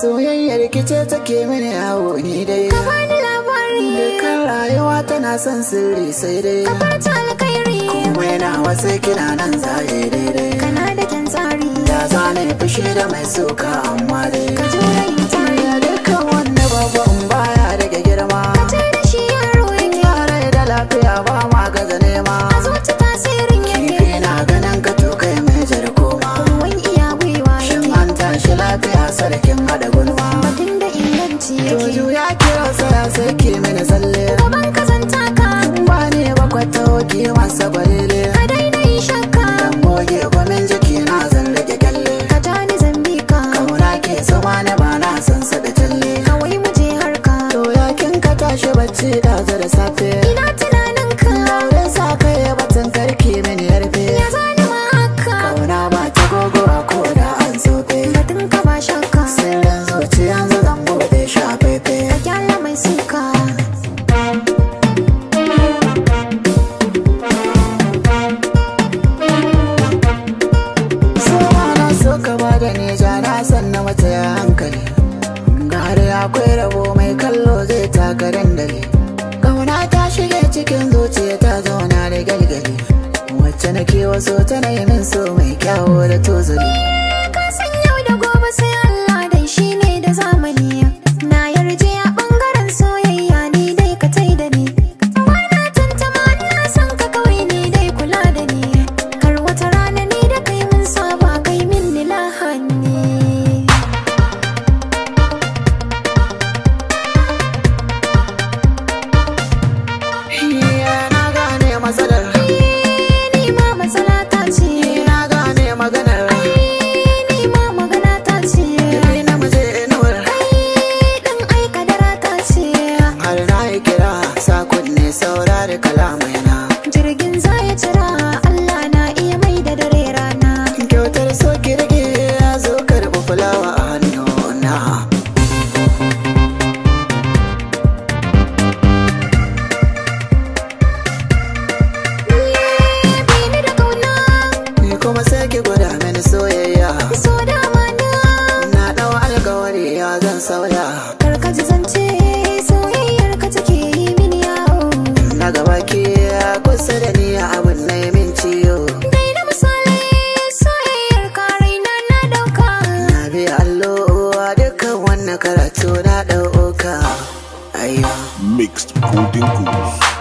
soyayyar kice take mini yawo ni dai ka bani labari dukkan rayuwa tana son sirri sai dai ka fata alkhairi kuma yana wasu kina nan zaye daidai kana da kyan tsari da zane fushi da mai suka amma dai ka ke wasa bare akwai rabo mai kallo zai taka dandali Ƙauna ta shige cikin zuciya ta zauna da galgali Wacce nake waso tana yi min so mai kyawo da tozali jirgin za ya cira Allah na iya mai da dare rana kyautar so ki ya zo karɓi fulawa a hannu na kuma sai ki gwada mini soyayya so dama na na ɗau alkawari ya zan sauya karkaji zance Mixed pudding goose.